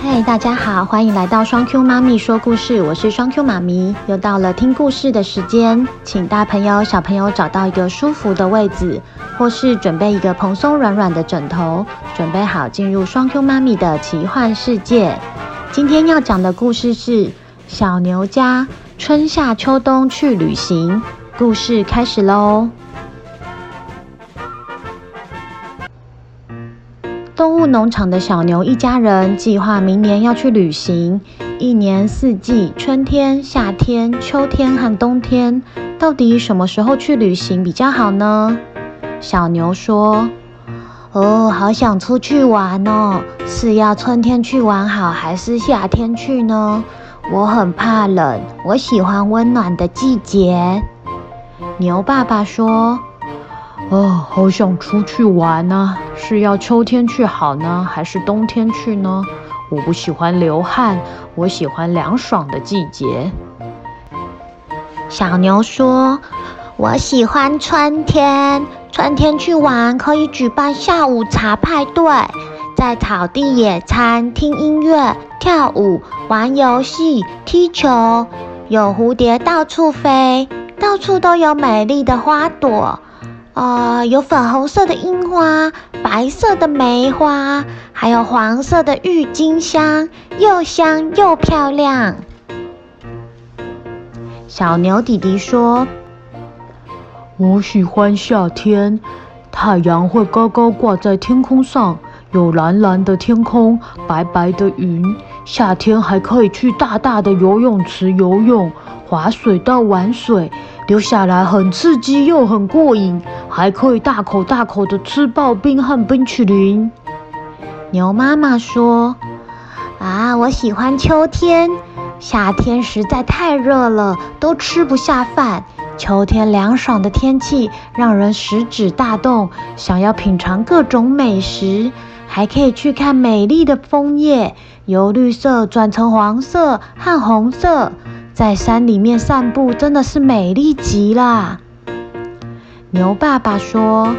嗨，hey, 大家好，歡迎來到雙 Q 媽咪說故事，我是雙 Q 媽咪，又到了聽故事的時間，請大朋友小朋友找到一個舒服的位置，或是準備一個蓬鬆軟軟的枕頭，準備好進入雙 Q 媽咪的奇幻世界。今天要講的故事是小牛家春夏秋冬去旅行，故事開始嘍。牧農場的小牛一家人計劃明年要去旅行。一年四季，春天、夏天、秋天和冬天，到底什麼時候去旅行比較好呢？小牛說：“哦，好想出去玩哦！是要春天去玩好，還是夏天去呢？我很怕冷，我喜歡溫暖的季節。”牛爸爸說：“哦，好想出去玩啊！”是要秋天去好呢，還是冬天去呢？我不喜歡流汗，我喜歡涼爽的季節。小牛說：“我喜歡春天，春天去玩可以舉辦下午茶派對，在草地野餐、聽音樂、跳舞、玩遊戲、踢球，有蝴蝶到處飛，到處都有美麗的花朵。”哦，有粉紅色的櫻花，白色的梅花，還有黃色的鬱金香，又香又漂亮。小牛弟弟說：“我喜歡夏天，太陽會高高掛在天空上，有藍藍的天空，白白的雲。夏天還可以去大大的游泳池游泳、滑水道玩水。”留下來很刺激又很過癮，還可以大口大口的吃刨冰和冰淇淋。牛媽媽說：“啊，我喜歡秋天，夏天實在太熱了，都吃不下飯。秋天涼爽的天氣讓人食指大動，想要品嘗各種美食，還可以去看美麗的楓葉，由綠色轉成黃色和紅色。”在山裡面散步真的是美麗極了。牛爸爸說：“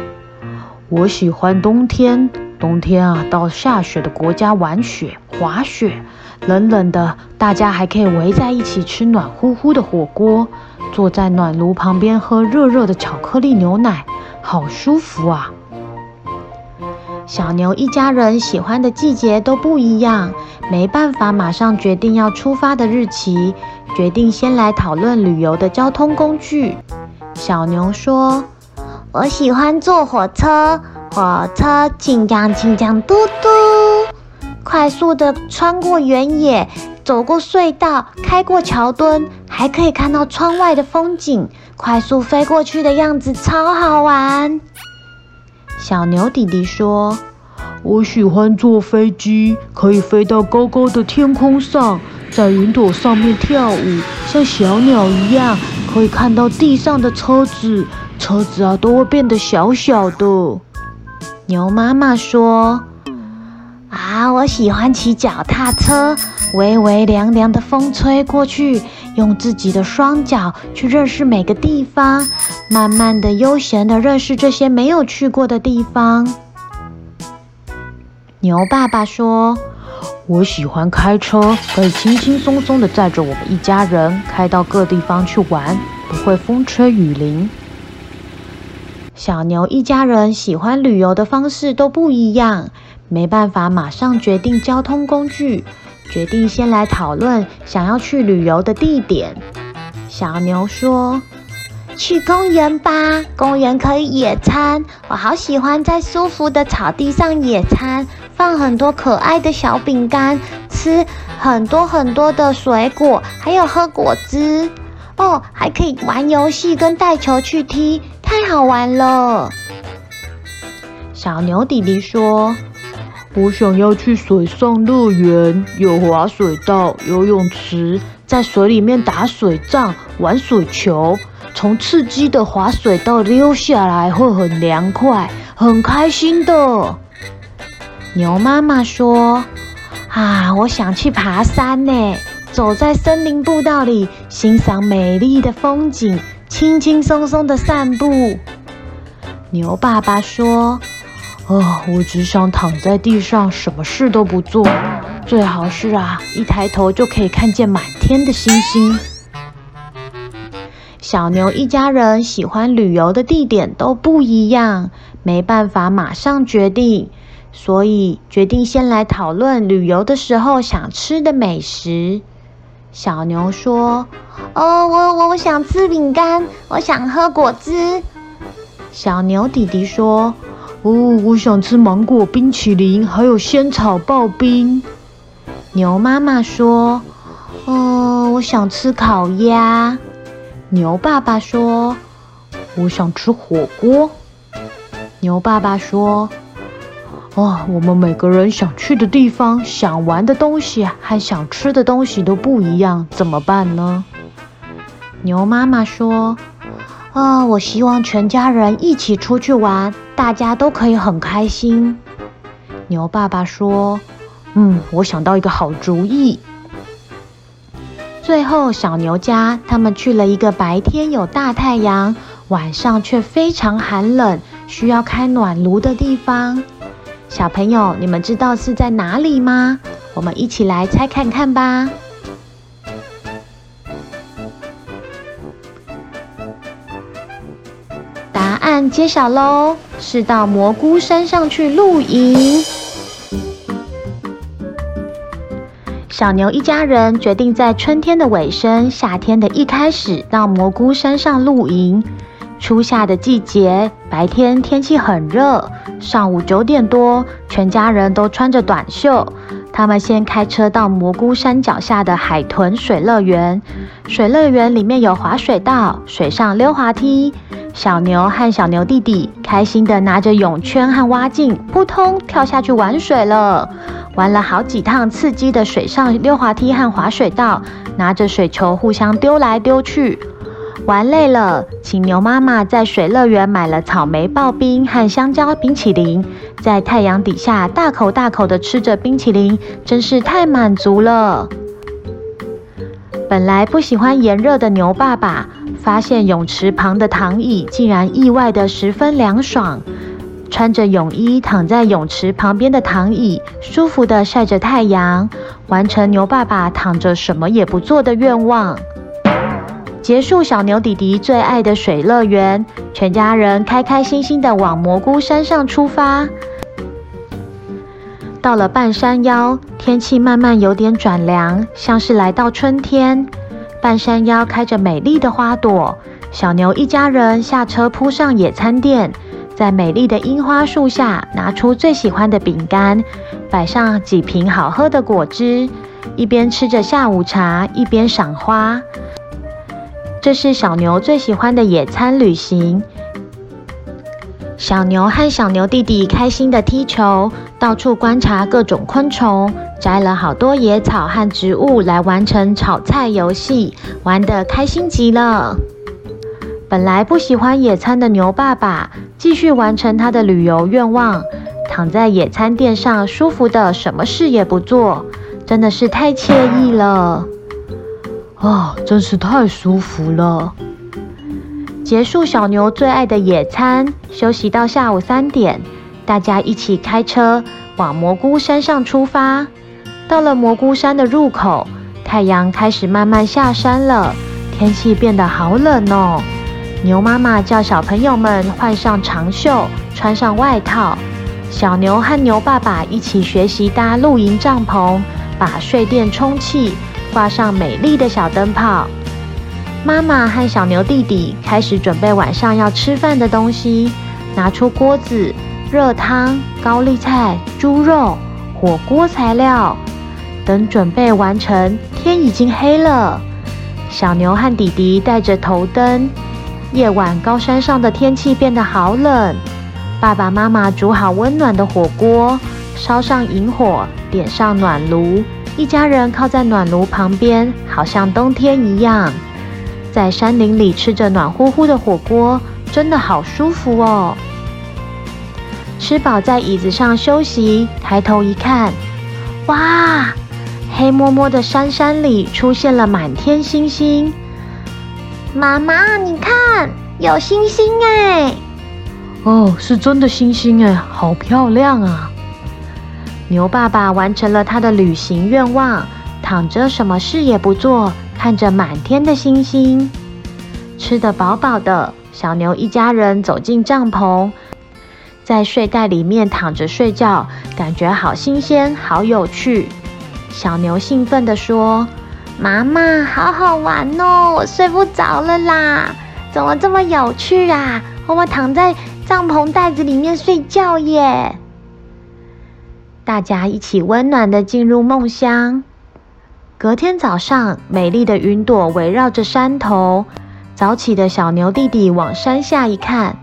我喜歡冬天，冬天啊，到下雪的國家玩雪、滑雪，冷冷的，大家還可以圍在一起吃暖呼呼的火鍋，坐在暖爐旁邊喝熱熱的巧克力牛奶，好舒服啊。”小牛一家人喜歡的季節都不一樣，沒辦法馬上決定要出發的日期，決定先來討論旅遊的交通工具。小牛說：“我喜歡坐火車，火車鏗鏘鏗鏘嘟嘟，快速的穿過原野，走過隧道，開過橋墩，還可以看到窗外的風景，快速飛過去的樣子超好玩。”小牛弟弟說：“我喜歡坐飛機，可以飛到高高的天空上，在雲朵上面跳舞，像小鳥一樣，可以看到地上的車子，車子啊都會變得小小的。”牛媽媽說：“啊，我喜歡騎腳踏車，微微涼涼的風吹過去。”用自己的雙腳去認識每個地方，慢慢地、悠閒地認識這些沒有去過的地方。牛爸爸說：“我喜歡開車，可以輕輕鬆鬆地載着我們一家人開到各地方去玩，不會風吹雨淋。”小牛一家人喜歡旅遊的方式都不一樣，沒辦法馬上決定交通工具。決定先來討論想要去旅遊的地點。小牛說：“去公園吧，公園可以野餐。我好喜歡在舒服的草地上野餐，放很多可愛的小餅乾，吃很多很多的水果，還有喝果汁。哦，還可以玩遊戲跟帶球去踢，太好玩了。”小牛弟弟說。我想要去水上樂園，有滑水道、游泳池，在水裡面打水仗、玩水球，從刺激的滑水道溜下來會很涼快，很開心的。牛媽媽說：“啊，我想去爬山呢，走在森林步道裡，欣賞美麗的風景，輕輕鬆鬆的散步。”牛爸爸說，哦，我只想躺在地上，什麼事都不做，最好是啊，一抬頭就可以看見滿天的星星。小牛一家人喜歡旅遊的地點都不一樣，沒辦法馬上決定，所以決定先來討論旅遊的時候想吃的美食。小牛說：“哦，我我我想吃餅乾，我想喝果汁。”小牛弟弟說。哦，我想吃芒果冰淇淋，還有仙草刨冰。牛媽媽說：“哦，我想吃烤鴨。”牛爸爸說：“我想吃火鍋。”牛爸爸說：“哦，我們每個人想去的地方、想玩的東西還想吃的東西都不一樣，怎麼辦呢？”牛媽媽說。啊、哦！我希望全家人一起出去玩，大家都可以很開心。牛爸爸說：“嗯，我想到一個好主意。”最後，小牛家他們去了一個白天有大太陽，晚上卻非常寒冷，需要開暖爐的地方。小朋友，你們知道是在哪裡嗎？我們一起來猜看看吧。揭曉嘍！是到蘑菇山上去露營。小牛一家人決定在春天的尾聲、夏天的一開始到蘑菇山上露營。初夏的季節，白天天氣很熱。上午九點多，全家人都穿着短袖。他們先開車到蘑菇山腳下的海豚水樂園。水樂園裡面有滑水道、水上溜滑梯。小牛和小牛弟弟開心地拿着泳圈和蛙鏡，撲通跳下去玩水了。玩了好幾趟刺激的水上溜滑梯和滑水道，拿着水球互相丟來丟去。玩累了，請牛媽媽在水樂園買了草莓刨冰和香蕉冰淇淋，在太陽底下大口大口地吃着冰淇淋，真是太滿足了。本來不喜歡炎熱的牛爸爸。發現泳池旁的躺椅竟然意外的十分涼爽，穿着泳衣躺在泳池旁邊的躺椅，舒服的曬着太陽，完成牛爸爸躺着什麼也不做的願望。結束小牛弟弟最愛的水樂園，全家人開開心心的往蘑菇山上出發。到了半山腰，天氣慢慢有點轉涼，像是來到春天。半山腰開着美麗的花朵，小牛一家人下車鋪上野餐墊，在美麗的櫻花樹下拿出最喜歡的餅乾，擺上幾瓶好喝的果汁，一邊吃着下午茶，一邊賞花。這是小牛最喜歡的野餐旅行。小牛和小牛弟弟開心地踢球，到處觀察各種昆蟲。摘了好多野草和植物來完成炒菜遊戲，玩得開心極了。本來不喜歡野餐的牛爸爸，繼續完成他的旅遊願望，躺在野餐墊上舒服的，什麼事也不做，真的是太愜意了。啊、哦，真是太舒服了！結束小牛最愛的野餐，休息到下午三點，大家一起開車往蘑菇山上出發。到了蘑菇山的入口，太陽開始慢慢下山了，天氣變得好冷哦。牛媽媽叫小朋友們換上長袖，穿上外套。小牛和牛爸爸一起學習搭露營帳篷，把睡墊充氣，掛上美麗的小燈泡。媽媽和小牛弟弟開始準備晚上要吃飯的東西，拿出鍋子、熱湯、高麗菜、豬肉、火鍋材料。等準備完成，天已經黑了。小牛和弟弟帶着頭燈，夜晚高山上的天氣變得好冷。爸爸媽媽煮好溫暖的火鍋，燒上營火，點上暖爐，一家人靠在暖爐旁邊，好像冬天一樣，在山林裡吃着暖乎乎的火鍋，真的好舒服哦。吃飽在椅子上休息，抬頭一看，哇！黑摸摸的山山裡出現了滿天星星。媽媽，你看，有星星哎！哦，是真的星星哎，好漂亮啊！牛爸爸完成了他的旅行願望，躺着什麼事也不做，看着滿天的星星，吃得飽飽的。小牛一家人走進帳篷，在睡袋裡面躺着睡覺，感覺好新鮮，好有趣。小牛興奮地說：“媽媽，好好玩哦！我睡不着了啦，怎麼這麼有趣啊？我們躺在帳篷袋子裡面睡覺耶！大家一起溫暖地進入夢鄉。隔天早上，美麗的雲朵圍繞着山頭。早起的小牛弟弟往山下一看，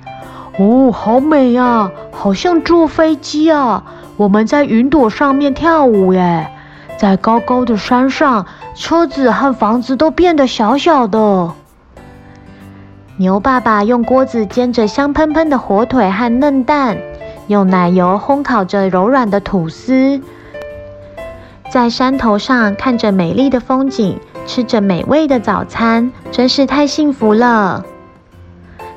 哦，好美啊！好像坐飛機啊！我們在雲朵上面跳舞耶！”在高高的山上，車子和房子都變得小小的。牛爸爸用鍋子煎着香噴噴的火腿和嫩蛋，用奶油烘烤着柔軟的吐司。在山頭上看着美麗的風景，吃着美味的早餐，真是太幸福了。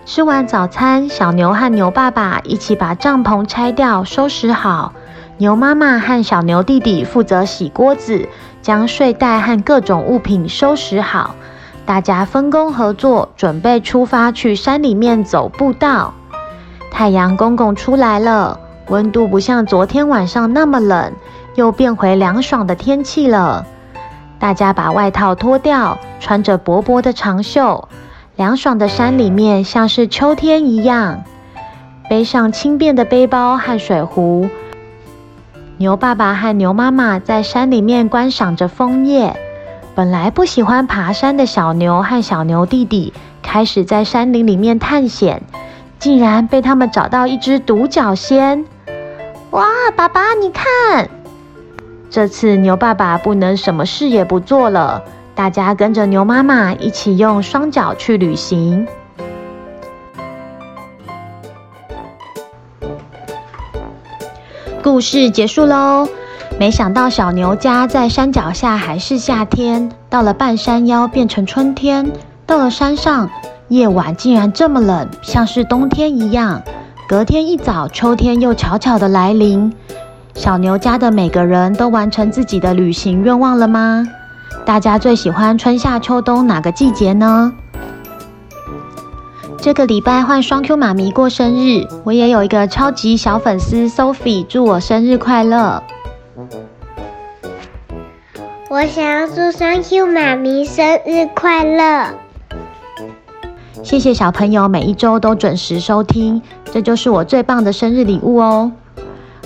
吃完早餐，小牛和牛爸爸一起把帳篷拆掉，收拾好。牛媽媽和小牛弟弟負責洗鍋子，將睡袋和各種物品收拾好。大家分工合作，準備出發去山裡面走步道。太陽公公出來了，溫度不像昨天晚上那麼冷，又變回涼爽的天氣了。大家把外套脫掉，穿着薄薄的長袖。涼爽的山裡面像是秋天一樣，背上輕便的背包和水壺。牛爸爸和牛媽媽在山裡面觀賞着楓葉。本來不喜歡爬山的小牛和小牛弟弟開始在山林裡面探險，竟然被他們找到一隻獨角仙！哇，爸爸，你看！這次牛爸爸不能什麼事也不做了，大家跟着牛媽媽一起用雙腳去旅行。故事結束嘍，沒想到小牛家在山腳下還是夏天，到了半山腰變成春天，到了山上，夜晚竟然這麼冷，像是冬天一樣。隔天一早，秋天又悄悄的來臨。小牛家的每個人都完成自己的旅行願望了嗎？大家最喜歡春夏秋冬哪個季節呢？這個禮拜換雙 Q 媽咪過生日，我也有一個超級小粉絲 Sophie，祝我生日快樂！我想要祝雙 Q 媽咪生日快樂！謝謝小朋友每一週都準時收聽，這就是我最棒的生日禮物哦！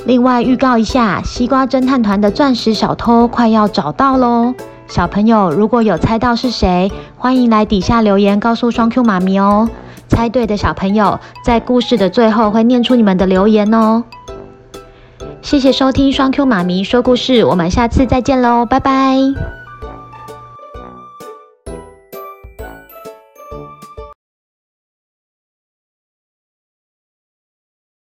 另外預告一下，西瓜偵探團的鑽石小偷快要找到嘍！小朋友如果有猜到是誰，歡迎來底下留言告訴雙 Q 媽咪哦！猜對的小朋友，在故事的最後會念出你們的留言哦。謝謝收聽雙 Q 媽咪說故事，我們下次再見嘍！拜拜。